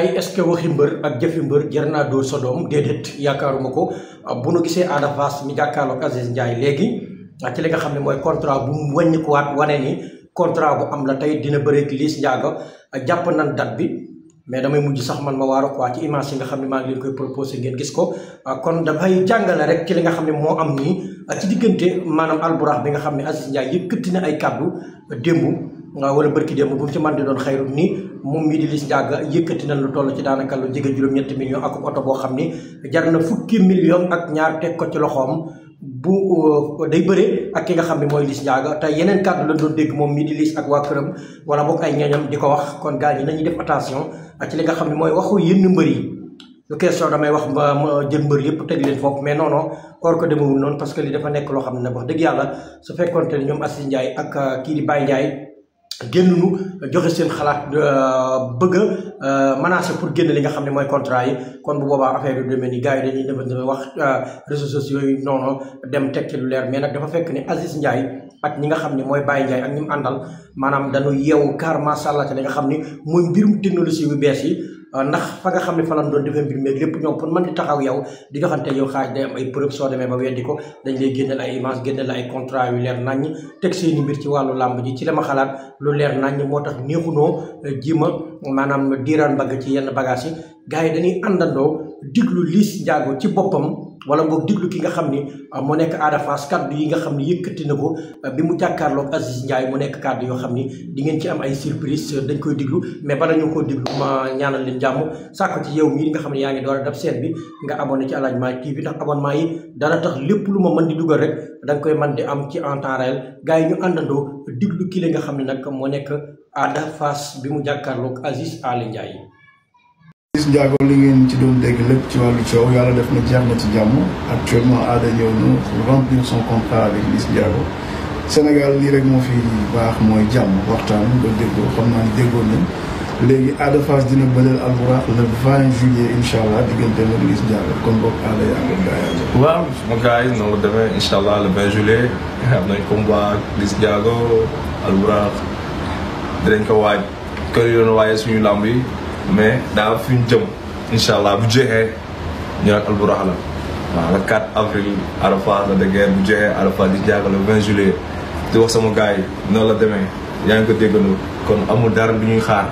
ay est-ce que waxi mbër ak jëfi mbër jar naa dóor sa doom déedéet yaakaaruma ko bu nu gisee Ada Fass mi jàkkaarloog Aziz Ndiaye léegi ci li nga xam ne mooy contrat bu mu wàññikuwaat wane ni contrat bu am la tey dina bëreeg Liss Ndiago jàpp nan date bi mais damay mujj sax man ma waaru waa ci image yi nga xam ne maa ngi leen koy proposé ngeen gis ko ah, kon dafay jàngale rek ci li nga xam ne moo am nii ah, ci diggante maanaam alburax bi nga xam ne Aziz Ndiaye yëkkati na ay kàddu ah, démb wala bërki démb bu man di doon xayrut nii moom mii di Liss Ndiago na lu toll ci daanaka lu jege juróom-ñetti million ak oto boo xam ni jar na fukki million ak ñaar teg ko ci loxoom bu euh, day bëree ak ki nga xam ne mooy Liss Ndiago te yeneen kàddu la doon dégg moom mii di Liss ak waa këram wala boog ay ñooñam di ko wax kon gars yi nañuy def attention ak li nga xam ne mooy waxu yenn mbër yi lu question damay wax ma ma jël mbër yëpp teg leen foofu mais non non or que demewul noonu parce que li dafa nekk loo xam ne nag wax dëgg yàlla su fekkoonte ne ñoom Assis Ndiaye ak euh, kii di Baye Ndiaye génn ñu joxe seen xalaat euh, bëgg a euh, menacé pour génn li nga xam ne mooy contrat yi kon bu boobaa affaire yu demee ni gars yi dañuy defa demee wax euh, réseaux sociaux yi noonu dem tekki lu leer mais nag dafa fekk ni Aziz Ndiaye ak ñi nga xam ne mooy bàyyi Ndiaye ak ñi mu àndal maanaam dañu yeewu car masha Allah te li nga xam ne mooy mbirum technologie bu bees yi Euh, ndax fa nga xam ne fa lañ doon defee mbir meeg lépp ñoom pour mën di taxaw yow di joxante yow xaaj day am ay preuve soo ba weddi ko dañ lay génneel ay image génneel ay contrat yu leer naññ teg seeni mbir ci wàllu làmb ji ci la ma xalaat lu leer naññ moo tax néexunoo euh, jima maanaam diiraan bagg ci yenn bagage yi gars yi dañuy àndandoo diglu Liss Ndiago ci boppam wala boog diglu ki nga xam ni ah, mu nekk Ada Fass kaddu yi nga xam ni yëkkati na ko ah, bi mu jàkkaarloog Aziz Ndiaye mu nekk kaddu yoo xam ni di ngeen ci am ay surprise ah, dañ koy diglu mais bala ñu koo diglu ma leen jàmm sàkko ci yow mii nga xam ne yaa ngi door a def seen bi nga abonné ci Aladji Malick TV ndax abonnement yi dana tax lépp lu ma mën di dugal rek da koy man di am ci en temps réel gars yi ñu àndandoo diglu ki la nga xam ne nag moo nekk Ada Fass bi mu jàkkaarloog Aziz Aly Ndiaye. Aziz Ndiago li ngeen ci doon dégg lépp ci wàllu coow yàlla def na jeex ci jàmm actuellement Ada ñëw na pour remplir son contrat avec Aziz Ndiago Sénégal lii rek moo fi baax mooy jàmm waxtaan ba déggoo xam naa ni déggoo nañ léegi Ada Fass dina bëleel Albourakh le 20 juillet incha allah diggante ak Aziz Ndiago kon boog Ada yaa ngi koy waaw sama gars yi noonu demee incha allah le 20 juillet xam nañ combat Aziz Ndiago Albourakh dinañ ko waaj kër yoon waaye suñu làmb yi mais daal fi ñu jëm incha allah bu jeexee ñu nag alburax la waaw le 4 avril Arafa la dëggeer bu jeexee Arafa di jaaga le 20 juillet di wax sama gars yi noonu la demee yaa ngi ko déggandoo kon amul dara lu ñuy xaar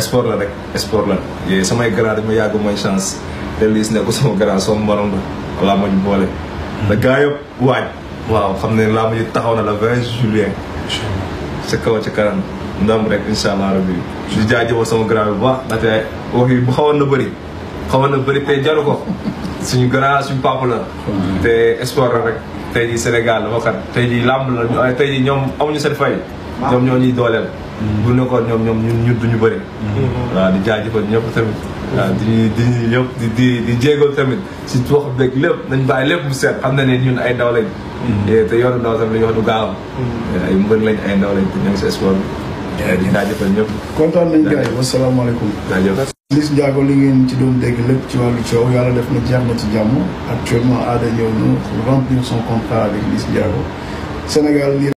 sport la rek sport la yéen samay grand dama yàgg mooy chance te liis ne ko sama grand son morom la laa boole da gars waaj waaw xam ne laa mañu taxaw na la 20 juillet sa kaw ca kanam ndam rek incha allah rabbi di jaajëfal sama grand bu baax ndaxte wax yi bu xawoon na bëri xawoon na bëri tey jaru ko suñu grand suñu papa la te espoir la rek tey jii Sénégal dafa xat tey jii làmb la tey ñoom amuñu seen fay ñoom ñoo ñuy dooleel mm-hmm. bu nekkoon ñoom ñoom ñun ñun duñu bëri mm-hmm. waaw di jaajëfal ñëpp tamit waa di di ñëpp di di di jéego tamit si wax beeg lépp nañ bàyyi lépp mu seet xam na ne ñun ay ndaw lañ mm-hmm. eh, te yoonu ndaw tamit la ñu wax du gaaw eh, ay mbër lañ ay ndaw lañ si espoir ñu jaajëfal ñëpp. kontaan nañ gars yi wasalaamaaleykum. jaajëf Liss Ndiago li ngeen ci doon dégg lépp ci wàllu coow yàlla def na jàmm na ci jàmm actuellement Ada ñëw na remplir son contrat avec Liss Ndiago Sénégal